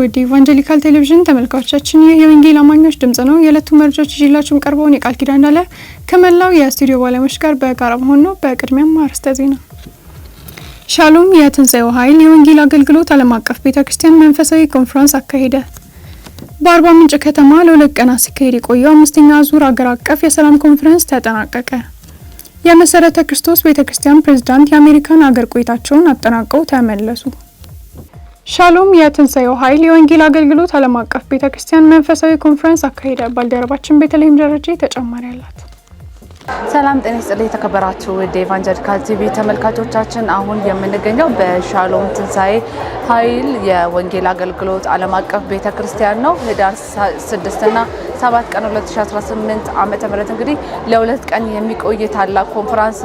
ውድ ኢቫንጀሊካል ቴሌቪዥን ተመልካቾቻችን ይህ የወንጌል አማኞች ድምጽ ነው። የዕለቱ መረጃዎች ይዤላችሁም ቀርበውን የቃል ኪዳን እንዳለ ከመላው የስቱዲዮ ባለሙያዎች ጋር በጋራ መሆን ነው። በቅድሚያም አርዕስተ ዜና። ሻሎም የትንሣኤው ኃይል የወንጌል አገልግሎት ዓለም አቀፍ ቤተ ክርስቲያን መንፈሳዊ ኮንፈረንስ አካሄደ። በአርባ ምንጭ ከተማ ለሁለት ቀናት ሲካሄድ የቆየው አምስተኛ ዙር አገር አቀፍ የሰላም ኮንፈረንስ ተጠናቀቀ። የመሰረተ ክርስቶስ ቤተ ክርስቲያን ፕሬዝዳንት የአሜሪካን አገር ቆይታቸውን አጠናቀው ተመለሱ። ሻሎም የትንሳኤው ኃይል የወንጌል አገልግሎት ዓለም አቀፍ ቤተ ክርስቲያን መንፈሳዊ ኮንፈረንስ አካሄደ። ባልደረባችን በተለይም ደረጃ ተጨማሪ አላት። ሰላም ጤና ይስጥልኝ። የተከበራችሁ ውድ ኤቫንጀሊካል ቲቪ ተመልካቾቻችን፣ አሁን የምንገኘው በሻሎም ትንሣኤ ኃይል የወንጌል አገልግሎት ዓለም አቀፍ ቤተ ክርስቲያን ነው። ህዳር ስድስትና 7 ቀን 2018 ምህረት እንግዲህ ለሁለት ቀን የሚቆይ ታላቅ ኮንፈራንስ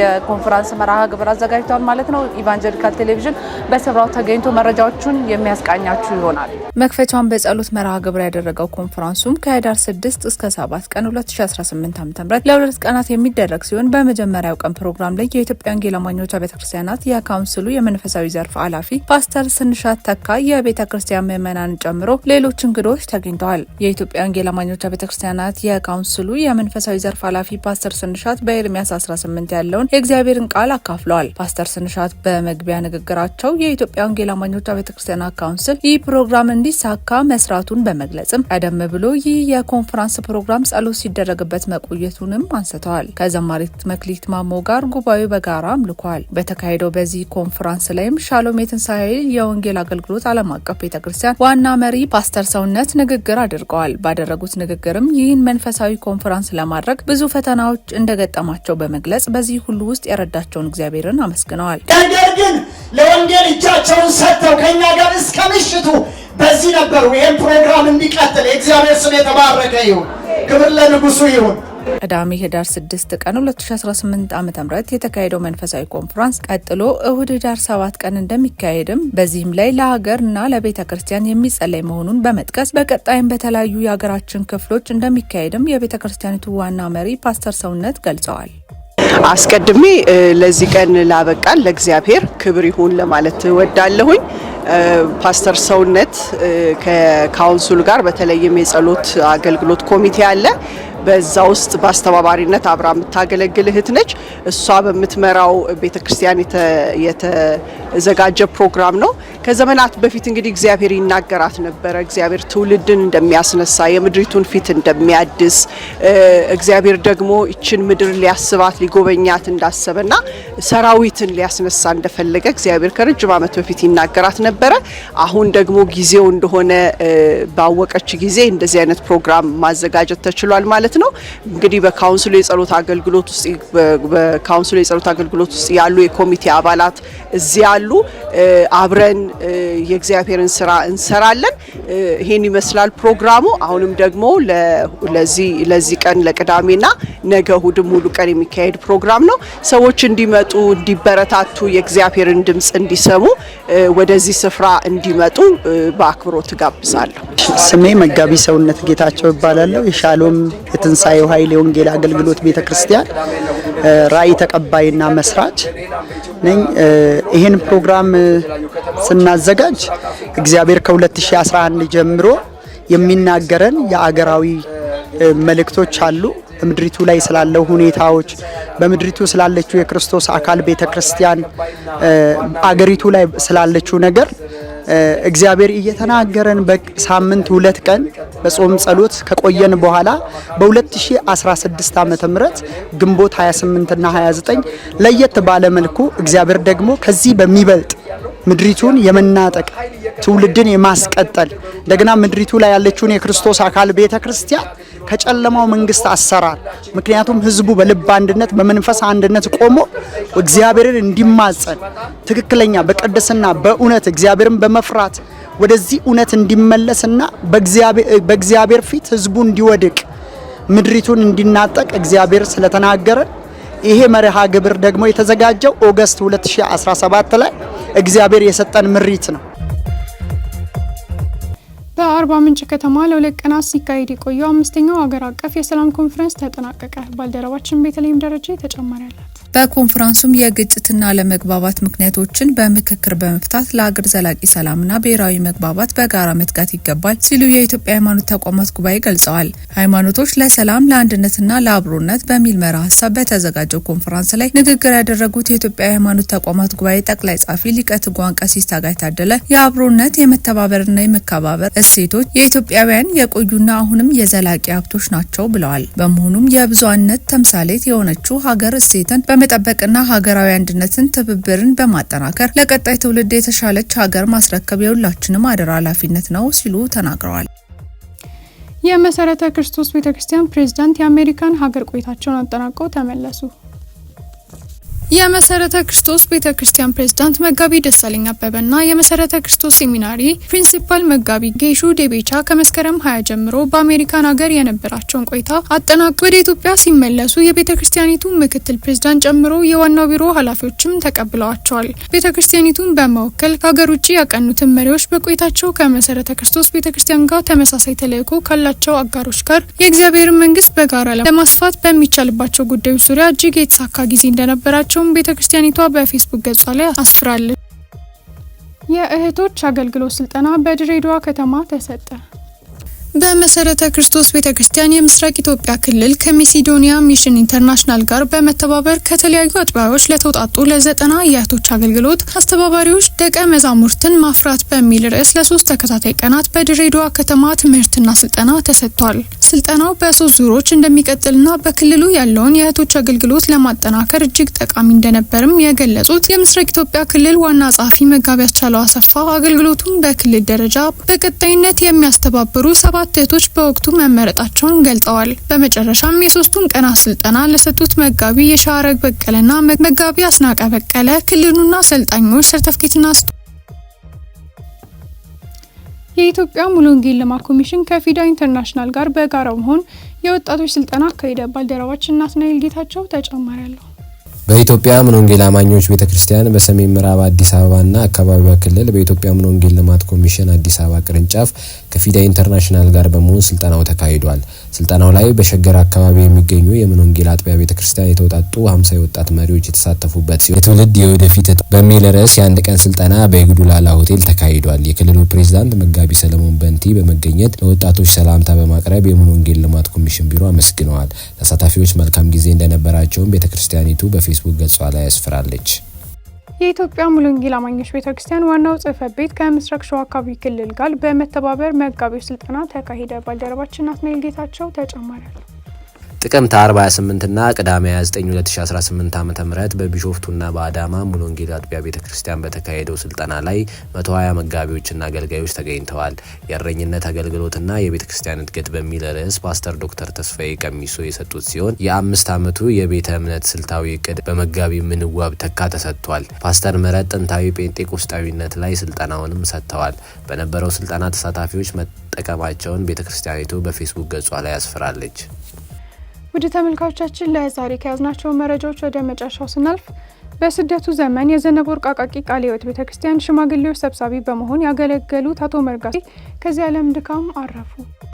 የኮንፈራንስ መርሃ ግብር አዘጋጅቷል ማለት ነው። ኢቫንጀሊካል ቴሌቪዥን በስፍራው ተገኝቶ መረጃዎቹን የሚያስቃኛችሁ ይሆናል። መክፈቻውን በጸሎት መርሃ ግብር ያደረገው ኮንፈራንሱም ከህዳር 6 እስከ 7 ቀን 2018 ዓ.ም ለሁለት ቀናት የሚደረግ ሲሆን በመጀመሪያው ቀን ፕሮግራም ላይ የኢትዮጵያ ወንጌል አማኞች ቤተክርስቲያናት የካውንስሉ የመንፈሳዊ ዘርፍ ኃላፊ ፓስተር ስንሻት ተካ የቤተክርስቲያን ምዕመናን ጨምሮ ሌሎች እንግዶች ተገኝተዋል። የኢትዮጵያ ወንጌል አማኞች ቤተክርስቲያናት የካውንስሉ የመንፈሳዊ ዘርፍ ኃላፊ ፓስተር ስንሻት በኤርሚያስ 18 ያለውን የእግዚአብሔርን ቃል አካፍለዋል። ፓስተር ስንሻት በመግቢያ ንግግራቸው የኢትዮጵያ ወንጌል አማኞች ቤተክርስቲያናት ካውንስል ይህ ፕሮግራም እንዲሳካ መስራቱን በመግለጽም ቀደም ብሎ ይህ የኮንፈራንስ ፕሮግራም ጸሎት ሲደረግበት መቆየቱንም አንስተዋል። ከዘማሪት መክሊት ማሞ ጋር ጉባኤው በጋራ አምልኳል። በተካሄደው በዚህ ኮንፈራንስ ላይም ሻሎም የትንሣኤ የወንጌል አገልግሎት ዓለም አቀፍ ቤተክርስቲያን ዋና መሪ ፓስተር ሰውነት ንግግር አድርገዋል። አቅርበዋል። ባደረጉት ንግግርም ይህን መንፈሳዊ ኮንፈረንስ ለማድረግ ብዙ ፈተናዎች እንደገጠማቸው በመግለጽ በዚህ ሁሉ ውስጥ የረዳቸውን እግዚአብሔርን አመስግነዋል። ነገር ግን ለወንጌል እጃቸውን ሰጥተው ከእኛ ጋር እስከ ምሽቱ በዚህ ነበሩ። ይህን ፕሮግራም እንዲቀጥል የእግዚአብሔር ስም የተባረከ ይሁን። ክብር ለንጉሱ ይሁን። ቅዳሜ ህዳር 6 ቀን 2018 ዓ ም የተካሄደው መንፈሳዊ ኮንፈረንስ ቀጥሎ እሁድ ህዳር 7 ቀን እንደሚካሄድም በዚህም ላይ ለሀገር እና ለቤተ ክርስቲያን የሚጸለይ መሆኑን በመጥቀስ በቀጣይም በተለያዩ የሀገራችን ክፍሎች እንደሚካሄድም የቤተ ክርስቲያኒቱ ዋና መሪ ፓስተር ሰውነት ገልጸዋል። አስቀድሜ ለዚህ ቀን ላበቃን ለእግዚአብሔር ክብር ይሁን ለማለት እወዳለሁኝ። ፓስተር ሰውነት ከካውንስሉ ጋር በተለይም የጸሎት አገልግሎት ኮሚቴ አለ በዛ ውስጥ በአስተባባሪነት አብራ የምታገለግል እህት ነች። እሷ በምትመራው ቤተክርስቲያን የተዘጋጀ ፕሮግራም ነው። ከዘመናት በፊት እንግዲህ እግዚአብሔር ይናገራት ነበረ። እግዚአብሔር ትውልድን እንደሚያስነሳ የምድሪቱን ፊት እንደሚያድስ እግዚአብሔር ደግሞ ይችን ምድር ሊያስባት ሊጎበኛት እንዳሰበና ሰራዊትን ሊያስነሳ እንደፈለገ እግዚአብሔር ከረጅም ዓመት በፊት ይናገራት ነበረ። አሁን ደግሞ ጊዜው እንደሆነ ባወቀች ጊዜ እንደዚህ አይነት ፕሮግራም ማዘጋጀት ተችሏል ማለት ነው። እንግዲህ በካውንስሉ የጸሎት አገልግሎት ውስጥ በካውንስሉ የጸሎት አገልግሎት ውስጥ ያሉ የኮሚቴ አባላት እዚያ ያሉ አሉ። አብረን የእግዚአብሔርን ስራ እንሰራለን። ይህን ይመስላል ፕሮግራሙ። አሁንም ደግሞ ለዚህ ቀን ለቅዳሜና ነገ እሁድም ሙሉ ቀን የሚካሄድ ፕሮግራም ነው። ሰዎች እንዲመጡ እንዲበረታቱ፣ የእግዚአብሔርን ድምፅ እንዲሰሙ፣ ወደዚህ ስፍራ እንዲመጡ በአክብሮት ጋብዛለሁ። ስሜ መጋቢ ሰውነት ጌታቸው ይባላለሁ። የሻሎም የትንሣኤው ኃይል የወንጌል አገልግሎት ቤተ ክርስቲያን ራዕይ ተቀባይና መስራች ነኝ። ይህን ፕሮግራም ስናዘጋጅ እግዚአብሔር ከ2011 ጀምሮ የሚናገረን የአገራዊ መልእክቶች አሉ። በምድሪቱ ላይ ስላለው ሁኔታዎች፣ በምድሪቱ ስላለችው የክርስቶስ አካል ቤተ ክርስቲያን፣ አገሪቱ ላይ ስላለችው ነገር እግዚአብሔር እየተናገረን በሳምንት ሁለት ቀን በጾም ጸሎት ከቆየን በኋላ በ2016 ዓመተ ምህረት ግንቦት 28 እና 29 ለየት ባለ መልኩ እግዚአብሔር ደግሞ ከዚህ በሚበልጥ ምድሪቱን የመናጠቅ ትውልድን የማስቀጠል እንደገና ምድሪቱ ላይ ያለችውን የክርስቶስ አካል ቤተ ክርስቲያን ከጨለማው መንግስት አሰራር ምክንያቱም ህዝቡ በልብ አንድነት በመንፈስ አንድነት ቆሞ እግዚአብሔርን እንዲማጸን ትክክለኛ በቅድስና በእውነት እግዚአብሔርን በመፍራት ወደዚህ እውነት እንዲመለስና በእግዚአብሔር ፊት ህዝቡ እንዲወድቅ ምድሪቱን እንዲናጠቅ እግዚአብሔር ስለተናገረ ይሄ መርሃ ግብር ደግሞ የተዘጋጀው ኦገስት 2017 ላይ እግዚአብሔር የሰጠን ምሪት ነው። በአርባ ምንጭ ከተማ ለሁለት ቀናት ሲካሄድ የቆየው አምስተኛው ሀገር አቀፍ የሰላም ኮንፈረንስ ተጠናቀቀ። ባልደረባችን በተለይም ደረጃ ተጨማሪ ያላት በኮንፈረንሱም የግጭትና ለመግባባት ምክንያቶችን በምክክር በመፍታት ለሀገር ዘላቂ ሰላምና ብሔራዊ መግባባት በጋራ መትጋት ይገባል ሲሉ የኢትዮጵያ ሃይማኖት ተቋማት ጉባኤ ገልጸዋል። ሃይማኖቶች ለሰላም ለአንድነትና ለአብሮነት በሚል መርህ ሀሳብ በተዘጋጀው ኮንፈረንስ ላይ ንግግር ያደረጉት የኢትዮጵያ ሃይማኖት ተቋማት ጉባኤ ጠቅላይ ጻፊ ሊቀ ትጉሃን ቀሲስ ታጋይ ታደለ የአብሮነት የመተባበርና የመከባበር እሴቶች የኢትዮጵያውያን የቆዩና አሁንም የዘላቂ ሀብቶች ናቸው ብለዋል። በመሆኑም የብዙሃነት ተምሳሌት የሆነችው ሀገር እሴትን በመጠበቅና ሀገራዊ አንድነትን፣ ትብብርን በማጠናከር ለቀጣይ ትውልድ የተሻለች ሀገር ማስረከብ የሁላችንም አደራ ኃላፊነት ነው ሲሉ ተናግረዋል። የመሰረተ ክርስቶስ ቤተክርስቲያን ፕሬዝዳንት የአሜሪካን ሀገር ቆይታቸውን አጠናቀው ተመለሱ። የመሰረተ ክርስቶስ ቤተ ክርስቲያን ፕሬዝዳንት መጋቢ ደሳለኝ አበበና የመሰረተ ክርስቶስ ሴሚናሪ ፕሪንሲፓል መጋቢ ጌሹ ዴቤቻ ከመስከረም ሀያ ጀምሮ በአሜሪካን ሀገር የነበራቸውን ቆይታ አጠናቅ ወደ ኢትዮጵያ ሲመለሱ የቤተ ክርስቲያኒቱ ምክትል ፕሬዝዳንት ጨምሮ የዋናው ቢሮ ኃላፊዎችም ተቀብለዋቸዋል። ቤተ ክርስቲያኒቱን በመወከል ከሀገር ውጭ ያቀኑትን መሪዎች በቆይታቸው ከመሰረተ ክርስቶስ ቤተ ክርስቲያን ጋር ተመሳሳይ ተልዕኮ ካላቸው አጋሮች ጋር የእግዚአብሔርን መንግስት በጋራ ለማስፋት በሚቻልባቸው ጉዳዮች ዙሪያ እጅግ የተሳካ ጊዜ እንደነበራቸው መሆናቸውን ቤተክርስቲያኒቷ በፌስቡክ ገጿ ላይ አስፍራለች። የእህቶች አገልግሎት ስልጠና በድሬዳዋ ከተማ ተሰጠ። በመሰረተ ክርስቶስ ቤተ ክርስቲያን የምስራቅ ኢትዮጵያ ክልል ከሜሲዶኒያ ሚሽን ኢንተርናሽናል ጋር በመተባበር ከተለያዩ አጥቢያዎች ለተውጣጡ ለዘጠና የእህቶች አገልግሎት አስተባባሪዎች ደቀ መዛሙርትን ማፍራት በሚል ርዕስ ለሶስት ተከታታይ ቀናት በድሬዳዋ ከተማ ትምህርትና ስልጠና ተሰጥቷል። ስልጠናው በሶስት ዙሮች እንደሚቀጥልና በክልሉ ያለውን የእህቶች አገልግሎት ለማጠናከር እጅግ ጠቃሚ እንደነበርም የገለጹት የምስራቅ ኢትዮጵያ ክልል ዋና ጸሐፊ መጋቢያቻለው አሰፋ አገልግሎቱን በክልል ደረጃ በቀጣይነት የሚያስተባብሩ ሰባት አትሌቶች በወቅቱ መመረጣቸውን ገልጸዋል። በመጨረሻም የሶስቱን ቀናት ስልጠና ለሰጡት መጋቢ የሻረግ በቀለና መጋቢ አስናቀ በቀለ ክልሉና አሰልጣኞች ሰርተፍኬትና የኢትዮጵያ ሙሉ ወንጌል ልማት ኮሚሽን ከፊዳ ኢንተርናሽናል ጋር በጋራ መሆን የወጣቶች ስልጠና አካሂደ። ባልደረባችን ናትናኤል ጌታቸው ተጨማሪ አለሁ በኢትዮጵያ ምን ወንጌል አማኞች ቤተ ክርስቲያን በሰሜን ምዕራብ አዲስ አበባና አካባቢዋ ክልል በኢትዮጵያ ምን ወንጌል ልማት ኮሚሽን አዲስ አበባ ቅርንጫፍ ከፊዳ ኢንተርናሽናል ጋር በመሆን ስልጠናው ተካሂዷል። ስልጠናው ላይ በሸገር አካባቢ የሚገኙ የምን ወንጌል አጥቢያ ቤተ ክርስቲያን የተውጣጡ ሀምሳ የወጣት መሪዎች የተሳተፉበት ሲሆን የትውልድ የወደፊት በሚል ርዕስ የአንድ ቀን ስልጠና በይግዱላላ ሆቴል ተካሂዷል። የክልሉ ፕሬዚዳንት መጋቢ ሰለሞን በንቲ በመገኘት ለወጣቶች ሰላምታ በማቅረብ የምን ወንጌል ልማት ኮሚሽን ቢሮ አመስግነዋል። ተሳታፊዎች መልካም ጊዜ እንደነበራቸውም ቤተ ክርስቲያኒቱ በፌ በፌስቡክ ገጿ ላይ ያስፈራለች። የኢትዮጵያ ሙሉ ወንጌል አማኞች ቤተክርስቲያን ዋናው ጽህፈት ቤት ከምስራቅ ሸዋ አካባቢ ክልል ጋር በመተባበር መጋቢው ስልጠና ተካሄደ። ባልደረባችን አስሜል ጌታቸው ተጨማሪ ጥቅምት 48 ና ቅዳሜ 29 2018 ዓ ም በቢሾፍቱና በአዳማ ሙሉ ወንጌል አጥቢያ ቤተ ክርስቲያን በተካሄደው ስልጠና ላይ 120 መጋቢዎችና አገልጋዮች ተገኝተዋል። የእረኝነት አገልግሎትና የቤተ ክርስቲያን እድገት በሚል ርዕስ ፓስተር ዶክተር ተስፋዬ ቀሚሶ የሰጡት ሲሆን የአምስት ዓመቱ የቤተ እምነት ስልታዊ እቅድ በመጋቢ ምንዋብ ተካ ተሰጥቷል። ፓስተር ምረት ጥንታዊ ጴንጤቆስጣዊነት ላይ ስልጠናውንም ሰጥተዋል። በነበረው ስልጠና ተሳታፊዎች መጠቀማቸውን ቤተ ክርስቲያኒቱ በፌስቡክ ገጿ ላይ ያስፍራለች። ውድ ተመልካቾቻችን ለዛሬ ከያዝናቸው መረጃዎች ወደ መጨረሻው ስናልፍ በስደቱ ዘመን የዘነበ ወርቅ አቃቂ ቃለ ሕይወት ቤተ ክርስቲያን ሽማግሌዎች ሰብሳቢ በመሆን ያገለገሉት አቶ መርጋ ከዚህ ዓለም ድካም አረፉ።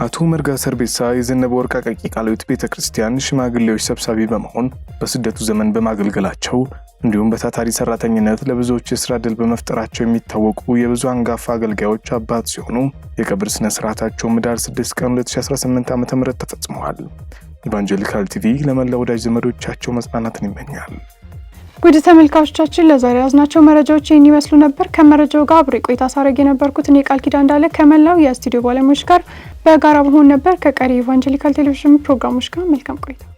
አቶ መርጋ ሰርቤሳ የዘነበ ወርቅ አቃቂ ቃለ ሕይወት ቤተ ክርስቲያን ሽማግሌዎች ሰብሳቢ በመሆን በስደቱ ዘመን በማገልገላቸው እንዲሁም በታታሪ ሰራተኝነት ለብዙዎች የስራ ድል በመፍጠራቸው የሚታወቁ የብዙ አንጋፋ አገልጋዮች አባት ሲሆኑ የቀብር ስነ ስርዓታቸው 6 ቀን 2018 ዓ ም ተፈጽመዋል። ኢቫንጀሊካል ቲቪ ለመላ ወዳጅ ዘመዶቻቸው መጽናናትን ይመኛል። ውድ ተመልካቾቻችን ለዛሬ ያዝናቸው መረጃዎች ይህን ይመስሉ ነበር። ከመረጃው ጋር አብሬ ቆይታ ሳረግ የነበርኩት እኔ የቃል ኪዳን እንዳለ ከመላው የስቱዲዮ ባለሙያዎች ጋር በጋራ በመሆን ነበር። ከቀሪ ኢቫንጀሊካል ቴሌቪዥን ፕሮግራሞች ጋር መልካም ቆይታ